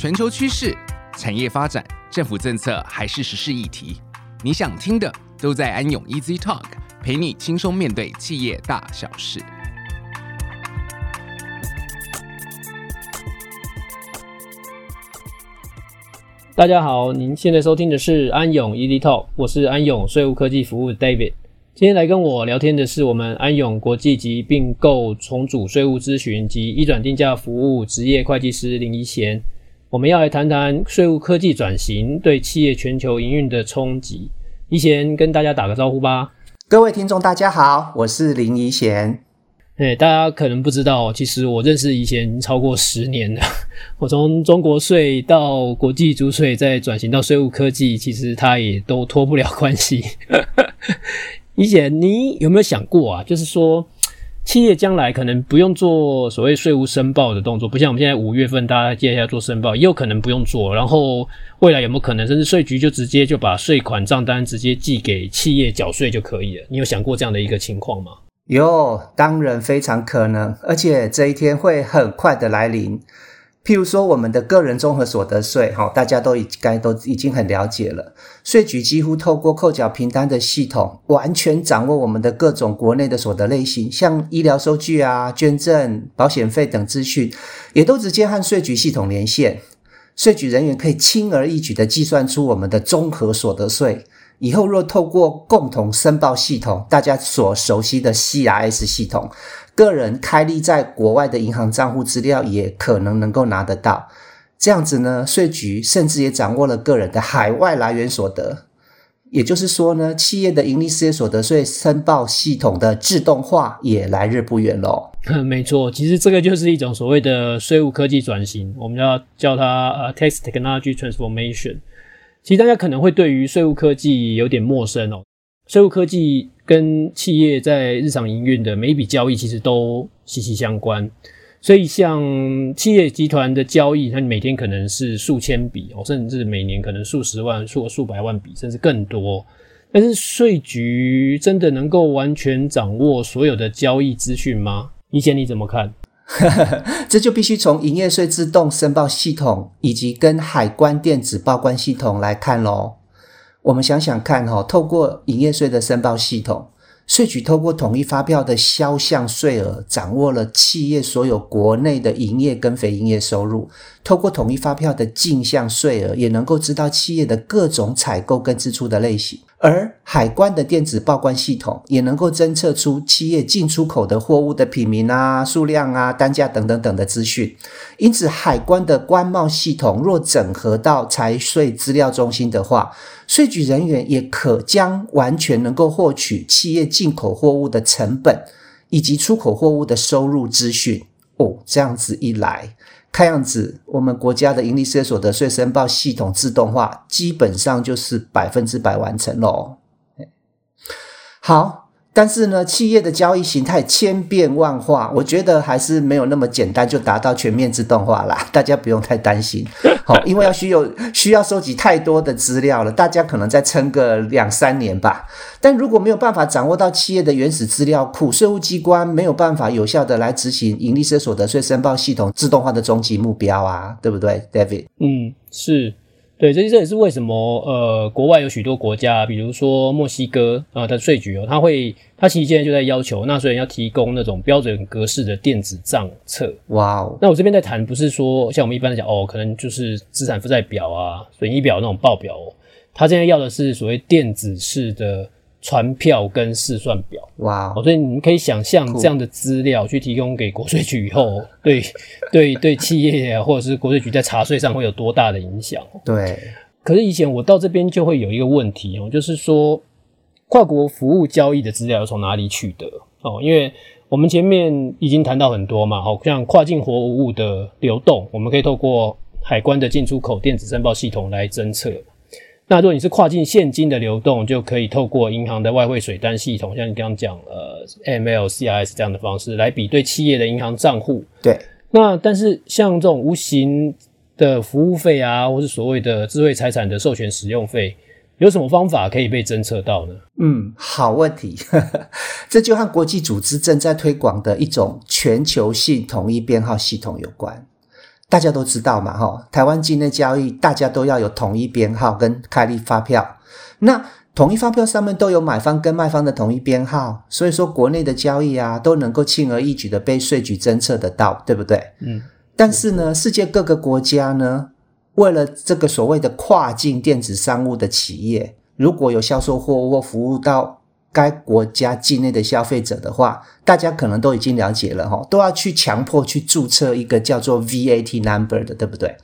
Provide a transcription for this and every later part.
全球趨勢、產業發展、政府政策還是時事議題，你想聽的都在安永 Easy Talk，陪你輕鬆面對企業大小事。大家好，您現在收聽的是安永 Easy Talk，我是安永稅務科技服務 David。今天來跟我聊天的是我們安永國際及併購重組稅務諮詢及移轉定價服務執業會計師林宜賢。我們要來談談稅務科技轉型對企業全球營運的衝擊。宜賢，跟大家打個招呼吧。各位聽眾，大家好，我是林宜賢。誒，大家可能不知道，其實我認識宜賢超過十年了。我從中國稅到國際租稅，再轉型到稅務科技，其實他也都脫不了關係。宜 賢，你有沒有想過啊？就是說。企業將來可能不用做所謂稅務申報的動作，不像我們現在五月份大家接下來做申報，也有可能不用做。然後未來有沒有可能，甚至稅局就直接就把稅款賬單直接寄給企業繳稅就可以了？你有想過這樣的一個情況嗎？有，當然非常可能，而且這一天會很快的來臨。譬如說，我們的個人綜合所得稅，哈，大家都應該都已經很了解了。稅局幾乎透過扣繳憑單的系統，完全掌握我們的各種國內的所得類型，像醫療收據啊、捐贈、保險費等資訊，也都直接和稅局系統連線。稅局人員可以輕而易舉地計算出我們的綜合所得稅。以後若透過共同申報系統，大家所熟悉的 CRS 系統，個人開立在國外的銀行賬戶資料也可能能夠拿得到。這樣子呢，稅局甚至也掌握了個人的海外來源所得。也就是說呢，企業的盈利事業所得稅申報系統的自動化也來日不遠咯。嗯，沒錯，其實這個就是一種所謂的稅務科技轉型，我們要叫，叫它呃，Tax Technology Transformation。其實大家可能會對於稅務科技有點陌生哦，稅務科技跟企業在日常營運的每一筆交易其實都息息相關，所以像企業集團的交易，它每天可能是數千筆哦，甚至每年可能數十萬、數數百萬筆，甚至更多。但是稅局真的能夠完全掌握所有的交易資訊嗎？宜賢，你怎麼看？呵呵呵， 這就必須從營業稅自動申報系統以及跟海關電子報關系統來看嘍。我們想想看哈、哦，透過營業稅的申報系統，稅局透過統一發票的銷項稅額，掌握了企業所有國內的營業跟非營業收入；透過統一發票的進項稅額，也能夠知道企業的各種採購跟支出的類型。而海關的電子報關系統也能夠偵測出企業進出口的貨物的品名啊、數量啊、單價等等等等的資訊，因此海關的關貿系統若整合到財稅資料中心的話，稅局人員也可將完全能夠獲取企業進口貨物的成本以及出口貨物的收入資訊。哦，這樣子一來。看樣子，我們國家的營利事業所得稅申報系統自動化基本上就是百分之百完成了。好。但是呢，企業的交易形態千變萬化，我覺得還是沒有那麼簡單就達到全面自動化啦。大家不用太擔心，好、哦，因為要需要需要收集太多的資料了。大家可能再撐個兩三年吧。但如果沒有辦法掌握到企業的原始資料庫，稅務機關沒有辦法有效地來執行營利稅所得稅申報系統自動化的終極目標啊，對不對，David？嗯，是。對，這這也是為什麼，呃，國外有許多國家，比如說墨西哥啊、呃、的稅局哦，他會，他其實現在就在要求納稅人要提供那種標準格式的電子賬冊。哇哦，那我這邊在談不是說像我們一般來講哦，可能就是資產負債表啊、損益表那種報表哦，他現在要的是所謂電子式的。傳票跟試算表哇 Wow,、哦，所以你可以想象這樣的資料去提供給國稅局以後，對對酷對，對對企業啊或者是國稅局在查稅上會有多大的影響？對，可是以前我到這邊就會有一個問題哦，就是說跨國服務交易的資料要從哪裡取得哦？因為我們前面已經談到很多嘛，好像跨境活物的流動，我們可以透過海關的進出口電子申報系統來偵測。那如果你是跨境現金的流動，就可以透過銀行的外匯水單系統，像你剛剛講呃 MLCRS 這樣的方式來比對企業的銀行賬戶。對。那但是像這種無形的服務費啊，或是所謂的智慧財產的授權使用費，有什麼方法可以被偵測到呢？嗯，好問題， 這就和國際組織正在推廣的一種全球性統一編號系統有關。大家都知道嘛，哈，台灣境內交易大家都要有統一編號跟開立發票。那統一發票上面都有買方跟賣方的統一編號，所以說國內的交易啊都能夠輕而易舉的被稅局偵測得到，對不對？嗯。但是呢，嗯、世界各個國家呢，為了這個所謂的跨境電子商務的企業，如果有銷售貨物或服務到。該國家境內的消費者的話，大家可能都已經了解了哈，都要去強迫去註冊一個叫做 VAT number 的，對不對？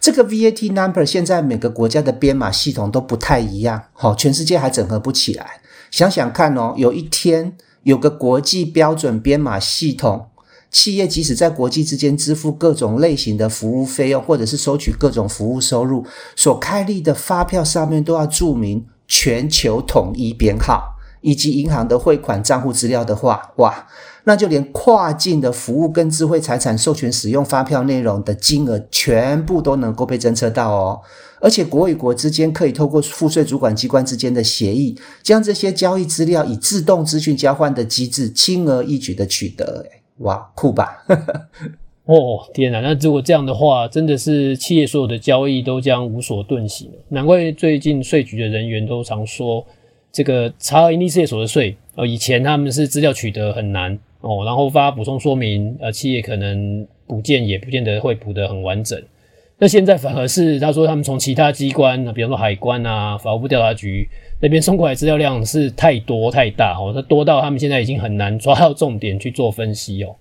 這個 VAT number 現在每個國家的編碼系統都不太一樣，哈，全世界還整合不起來。想想看哦，有一天有個國際標準編碼系統，企業即使在國際之間支付各種類型的服務費用，或者是收取各種服務收入，所開立的發票上面都要注明全球統一編號。以及銀行的匯款賬戶資料的話，哇，那就連跨境的服務跟智慧財產授權使用發票內容的金額，全部都能夠被偵測到哦。而且國與國之間可以透過賦稅主管機關之間的協議，將這些交易資料以自動資訊交換的機制，輕而易舉地取得。哎，哇，酷吧？ 哦，天哪、啊！那如果這樣的話，真的是企業所有的交易都將無所遁形。難怪最近稅局的人員都常說。這個查營利事業所得稅，以前他們是資料取得很難哦，然後發補充說明，呃，企業可能補件也不見得會補得很完整。那現在反而是他說他們從其他機關，比方說海關啊、法務部調查局那邊送過來，資料量是太多太大哦，多到他們現在已經很難抓到重點去做分析哦。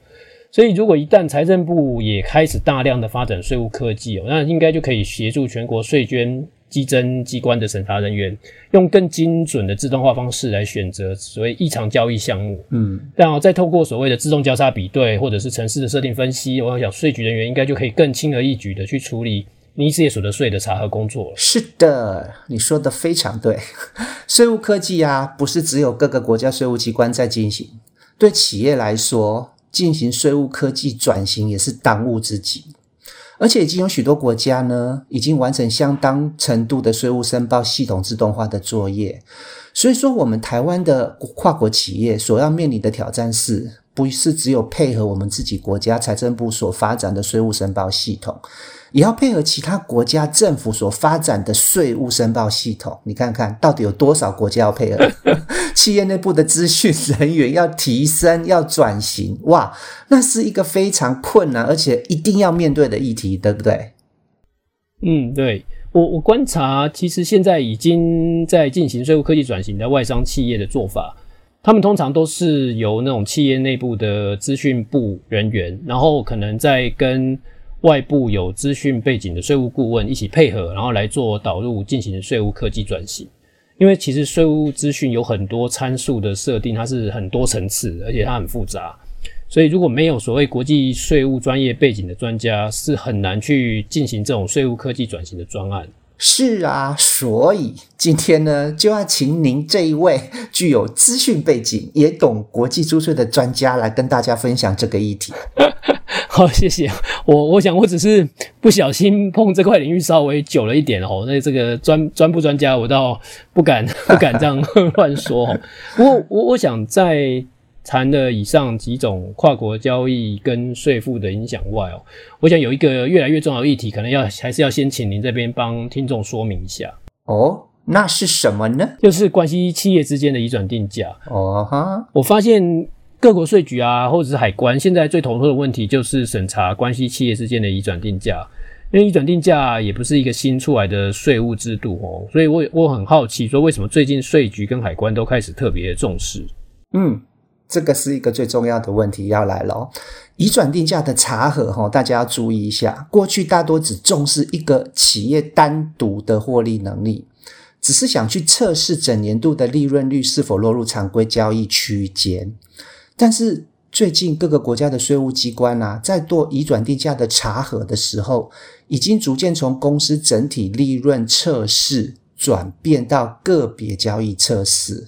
所以如果一旦財政部也開始大量的發展稅務科技哦，那應該就可以協助全國稅捐。稽徵機，機關的審查人員用更精準的自動化方式來選擇所謂異常交易項目，嗯，然後、哦、再透過所謂的自動交叉比對或者是程式的設定分析，我想稅局人員應該就可以更輕而易舉地去處理營利事業所得稅的查核工作了。是的，你說的非常對。稅務科技啊，不是只有各個國家稅務機關在進行，對企業來說，進行稅務科技轉型也是當務之急。而且已經有許多國家呢，已經完成相當程度的稅務申報系統自動化的作業。所以說，我們台灣的跨國企業所要面臨的挑戰是，是不是只有配合我們自己國家財政部所發展的稅務申報系統，也要配合其他國家政府所發展的稅務申報系統？你看看到底有多少國家要配合？ 企業內部的資訊人員要提升、要轉型，哇，那是一個非常困難而且一定要面對的議題，對不對？嗯，對。我我觀察其實現在已經在進行稅務科技轉型的外商企業的做法，他們通常都是由那種企業內部的資訊部人員，然後可能在跟外部有資訊背景的稅務顧問一起配合，然後來做導入進行稅務科技轉型。因為其實稅務資訊有很多參數的設定，它，是很多層次，而且它很複雜，所以如果沒有所謂國際稅務專業背景的專家，是很難去進行這種稅務科技轉型的專案。是啊，所以今天呢，就要請您這一位具有資訊背景，也懂國際租稅的專家來跟大家分享這個議題。 好，謝謝。我我想我只是不小心碰這塊領域稍微久了一點哦。那這個專專不專家，我倒不敢不敢這樣亂說。 不過，我我我想在談了以上幾種跨國交易跟稅負的影響外哦，我想有一個越來越重要的議題，可能要還是要先請您這邊幫聽眾說明一下哦。那是什麼呢？就是關係企業之間的移轉定價哦。哈，我發現。各國稅局啊，或者是海關，現在最頭痛的問題就是審查關係企業之間的移轉定價。因為移轉定價也不是一個新出來的稅務制度哦，所以我我很好奇，說為什麼最近稅局跟海關都開始特別重視？嗯，這個是一個最重要的問題要來了。移轉定價的查核，大家要注意一下。過去大多只重視一個企業單獨的獲利能力，只是想去測試整年度的利潤率是否落入常規交易區間。但是最近各個國家的稅務機關吶、啊，在做移轉定價的查核的時候，已經逐漸從公司整體利潤測試轉變到個別交易測試，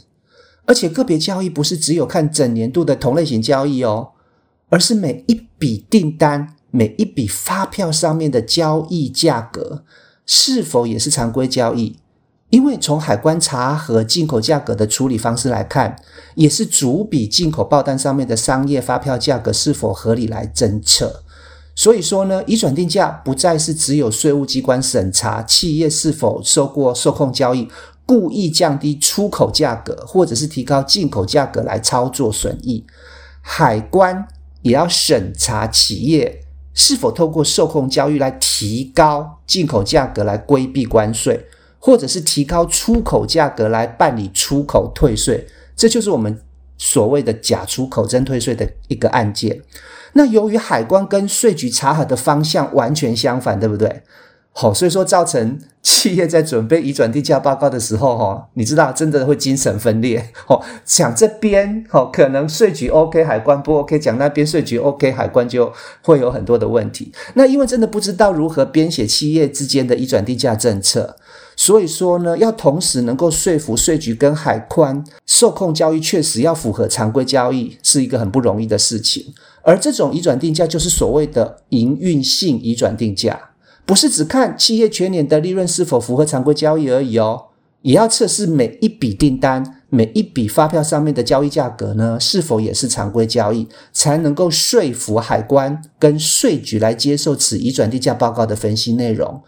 而且個別交易不是只有看整年度的同類型交易哦，而是每一筆訂單、每一筆發票上面的交易價格是否也是常規交易。因為從海關查核進口價格的處理方式來看，也是逐筆進口報單上面的商業發票價格是否合理來偵測。所以說呢，移轉定價不再是只有稅務機關審查企業是否受過受控交易，故意降低出口價格，或者是提高進口價格來操作損益。海關也要審查企業是否透過受控交易來提高進口價格來規避關稅。或者是提高出口價格來辦理出口退稅，這就是我們所謂的假出口真退稅的一個案件。那由於海關跟稅局查核的方向完全相反，對不對？好，所以說造成企業在準備移轉定價報告的時候，哈，你知道真的會精神分裂，哦，講這邊哦，可能稅局 OK，海關不 OK；講那邊稅局 OK，海關就會有很多的問題。那因為真的不知道如何編寫企業之間的移轉定價政策。所以說呢，要同時能夠說服稅局跟海關，受控交易確實要符合常規交易，是一個很不容易的事情。而這種移轉定價就是所謂的營運性移轉定價，不是只看企業全年的利潤是否符合常規交易而已哦，也要測試每一筆訂單、每一筆發票上面的交易價格呢，是否也是常規交易，才能夠說服海關跟稅局來接受此移轉定價報告的分析內容。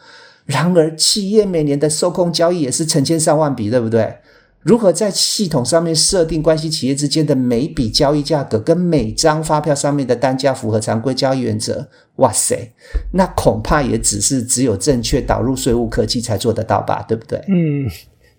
然而，企業每年的受控交易也是成千上萬筆，對不對？如何在系統上面設定關係企業之間的每筆交易價格跟每張發票上面的單價符合常規交易原則？哇塞，那恐怕也只是只有正確導入稅務科技才做得到吧，對不對？嗯，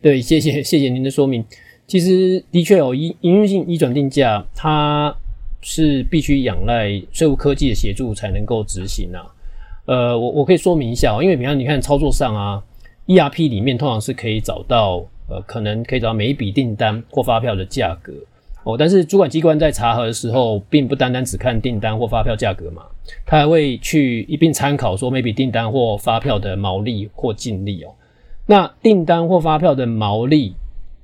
對，謝謝謝謝您的說明。其實的確有、哦、營運性移轉定價，它是必須仰賴稅務科技的協助才能夠執行啊。呃，我我可以說明一下哦，因為比方你看操作上啊，ERP 裡面通常是可以找到呃，可能可以找到每一筆訂單或發票的價格哦，但是主管機關在查核的時候，並不單單只看訂單或發票價格嘛，他還會去一併參考說每一筆訂單或發票的毛利或淨利哦。那訂單或發票的毛利，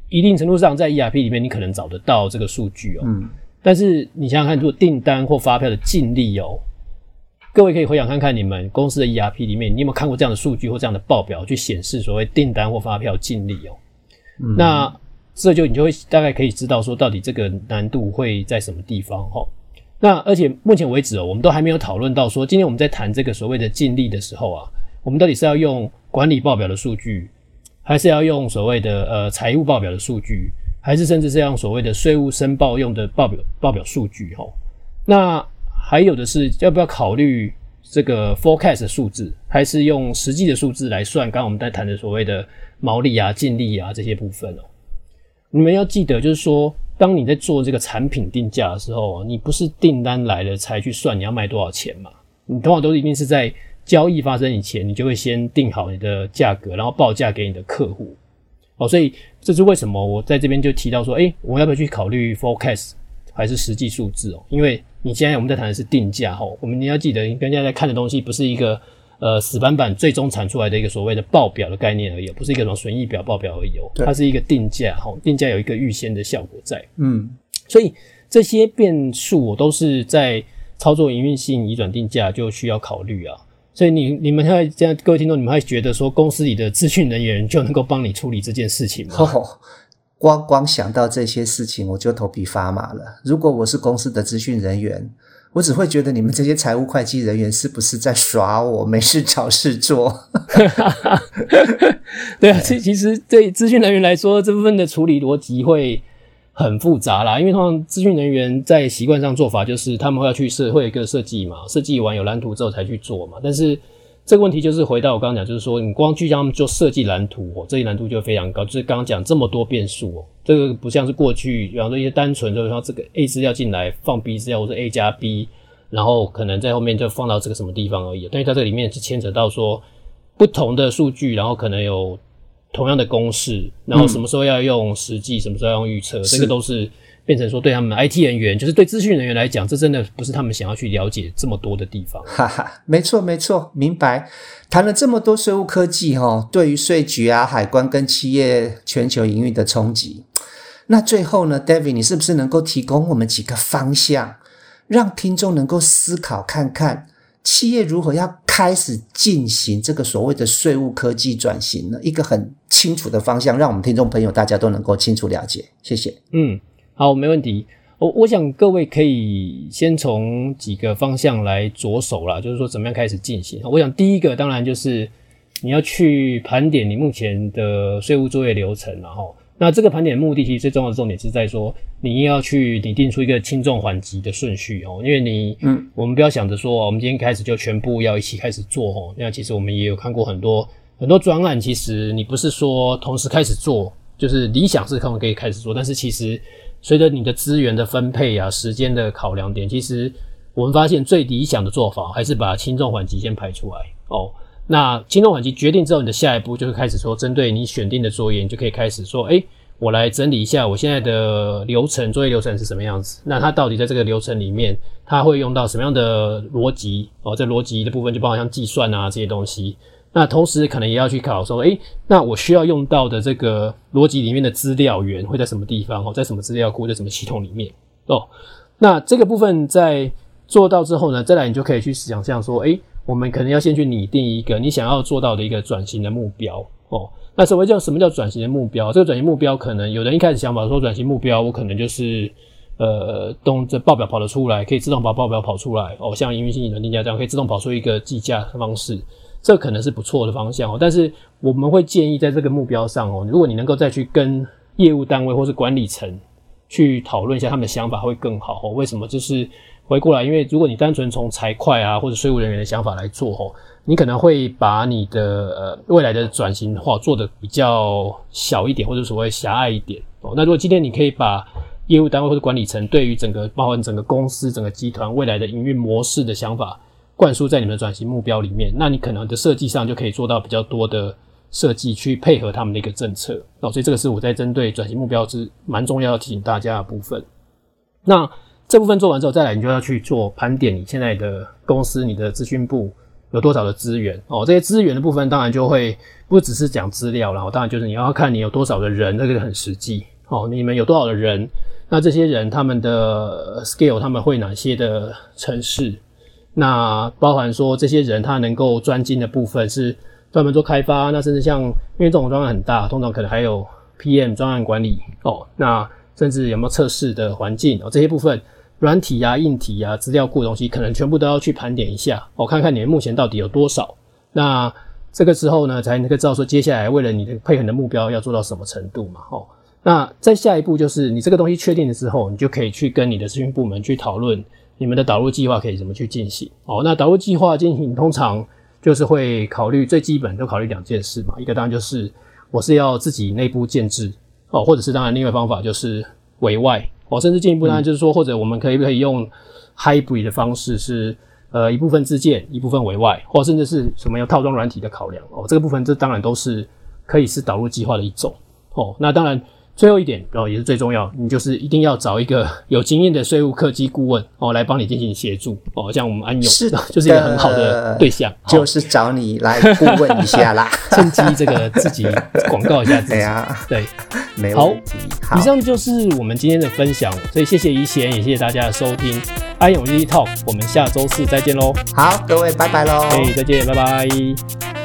一定程度上在 ERP 裡面你可能找得到這個數據哦。嗯。但是你想想看，如果訂單或發票的淨利哦。各位可以回想看看你們公司的 ERP 裡面，你有沒有看過這樣的數據或這樣的報表去顯示所謂訂單或發票淨利哦？嗯、那這就你就會大概可以知道說到底這個難度會在什麼地方哈、喔？那而且目前為止哦、喔，我們都還沒有討論到說今天我們在談這個所謂的淨利的時候啊，我們到底是要用管理報表的數據，還是要用所謂的呃財務報表的數據，還是甚至是要用所謂的稅務申報用的報表報表數據哈、喔？那。還有的是要不要考慮這個 forecast 的數字，還是用實際的數字來算？剛剛我們在談的所謂的毛利啊、淨利啊這些部分哦、喔，你們要記得，就是說，當你在做這個產品定價的時候，你不是訂單來了才去算你要賣多少錢嘛？你通常都一定是在交易發生以前，你就會先定好你的價格，然後報價給你的客戶哦、喔。所以這是為什麼我在這邊就提到說，誒、欸，我要不要去考慮 forecast 還是實際數字哦、喔？因為你現在我們在談的是定價哈，我們你要記得，人家在看的東西不是一個呃死板板最終產出來的一個所謂的報表的概念而已，不是一個什麼損益表報表而已哦、喔，對它是一個定價哈，定價有一個預先的效果在。嗯，所以這些變數我都是在操作營運性移轉定價就需要考慮啊，所以你你們現在各位聽眾，你們還覺得說公司裡的資訊人員就能夠幫你處理這件事情嗎？好好光光想到這些事情，我就頭皮發麻了。如果我是公司的資訊人員，我只會覺得你們這些財務會計人員是不是在耍我，沒事找事做。 對啊，其其實對資訊人員來說，這部分的處理邏輯會很複雜啦，因為通常資訊人員在習慣上做法就是他們會要去設會一個設計嘛，設計完有藍圖之後才去做嘛，但是。這個問題就是回到我剛剛講，就是說你光去讓他們做設計藍圖，哦，這些難度就非常高。就是剛剛講這麼多變數哦，這個不像是過去，比方說一些單純就是說這個 A 資料進來放 B 資料或者 A 加 B，然後可能在後面就放到這個什麼地方而已。但是它這裡面是牽扯到說不同的數據，然後可能有同樣的公式，然後什麼時候要用實際，什麼時候要用預測，嗯，這個都是。變成說對他們 IT 人員，就是對資訊人員來講，這真的不是他們想要去了解這麼多的地方。哈哈，沒錯沒錯，明白。談了這麼多稅務科技哈、哦，對於稅局啊、海關跟企業全球營運的衝擊，那最後呢，David，你是不是能夠提供我們幾個方向，讓聽眾能夠思考看看，企業如何要開始進行這個所謂的稅務科技轉型呢？一個很清楚的方向，讓我們聽眾朋友大家都能夠清楚了解。謝謝。嗯。好，沒問題。我我想各位可以先從幾個方向來着手啦，就是說怎麼樣開始進行。我想第一個當然就是你要去盤點你目前的稅務作業流程，然後那這個盤點的目的其實最重要的重點是在說你要去擬定出一個輕重緩急的順序哦，因為你嗯，我們不要想着說我們今天開始就全部要一起開始做哦，那其實我們也有看過很多很多專案，其實你不是說同時開始做，就是理想是看我可以開始做，但是其實。隨着你的資源的分配啊，時間的考量點，其實我們發現最理想的做法還是把輕重緩急先排出來哦。那輕重緩急決定之後，你的下一步就是開始說，針對你選定的作業，你就可以開始說，誒、欸，我來整理一下我現在的流程，作業流程是什麼樣子？那它到底在這個流程裡面，它會用到什麼樣的邏輯哦？在邏輯的部分，就包含像計算啊這些東西。那同時可能也要去考說，誒、欸、那我需要用到的這個邏輯裡面的資料源會在什麼地方哦，在什麼資料庫，在什麼系統裡面哦？那這個部分在做到之後呢，再來你就可以去想象說，誒、欸、我們可能要先去擬定一個你想要做到的一個轉型的目標哦。那所謂叫什麼叫轉型的目標？這個轉型目標可能有人一開始想法說轉型目標，我可能就是呃，動這報表跑得出來，可以自動把報表跑出來哦，像營運性引擎定價這樣，可以自動跑出一個計價方式。這可能是不錯的方向哦，但是我們會建議在這個目標上哦，如果你能夠再去跟業務單位或是管理層去討論一下他們的想法會更好哦。為什麼？就是回過來，因為如果你單純從財會啊或者稅務人員的想法來做哦，你可能會把你的、呃、未來的轉型化做得比較小一點或者所謂狹隘一點哦。那如果今天你可以把業務單位或者管理層對於整個包含整個公司整個集團未來的營運模式的想法，灌輸在你們的轉型目標裡面，那你可能的設計上就可以做到比較多的設計去配合他們的一個政策。哦，所以這個是我在針對轉型目標之蠻重要提醒大家的部分。那這部分做完之後，再來你就要去做盤點，你現在的公司你的資訊部有多少的資源哦？這些資源的部分當然就會不只是講資料，然後當然就是你要看你有多少的人，這、那個很實際哦。你們有多少的人？那這些人他們的 scale 他們會哪些的城市？那包含說，這些人他能夠專精的部分是專門做開發、啊,那甚至像因為這種專案很大，通常可能還有 P M 專案管理哦，那甚至有沒有測試的環境哦，這些部分軟體啊、硬體啊、資料庫的東西，可能全部都要去盤點一下我、哦、看看你目前到底有多少。那這個時候呢，才能夠知道說接下來為了你的配合的目標要做到什麼程度嘛？哦，那再下一步就是你這個東西確定了之後，你就可以去跟你的資訊部門去討論。你們的導入計劃可以怎麼去進行？哦，那導入計劃進行通常就是會考慮最基本就考慮兩件事嘛，一個當然就是我是要自己內部建置，哦，或者是當然另外一方法就是委外，哦，甚至進一步當然就是說，或者我們可以不可以用 hybrid 的方式是，是呃一部分自建，一部分委外，或、哦、甚至是什麼有套裝軟體的考量，哦，這個部分這當然都是可以是導入計劃的一種，哦，那當然。最後一點哦，也是最重要，你就是一定要找一個有經驗的稅務科技顧問哦，來幫你進行協助哦，像我們安永是的就是一個很好的對象，呃、好就是找你來顧問一下啦， 趁機這個自己廣告一下自己。哎、呀對，沒問題。好，好，以上就是我們今天的分享，所以謝謝宜賢，好也謝謝大家的收聽，安永 EasY Talk，我們下周四再見嘍。好，各位拜拜嘍。以、hey, 再見，拜拜。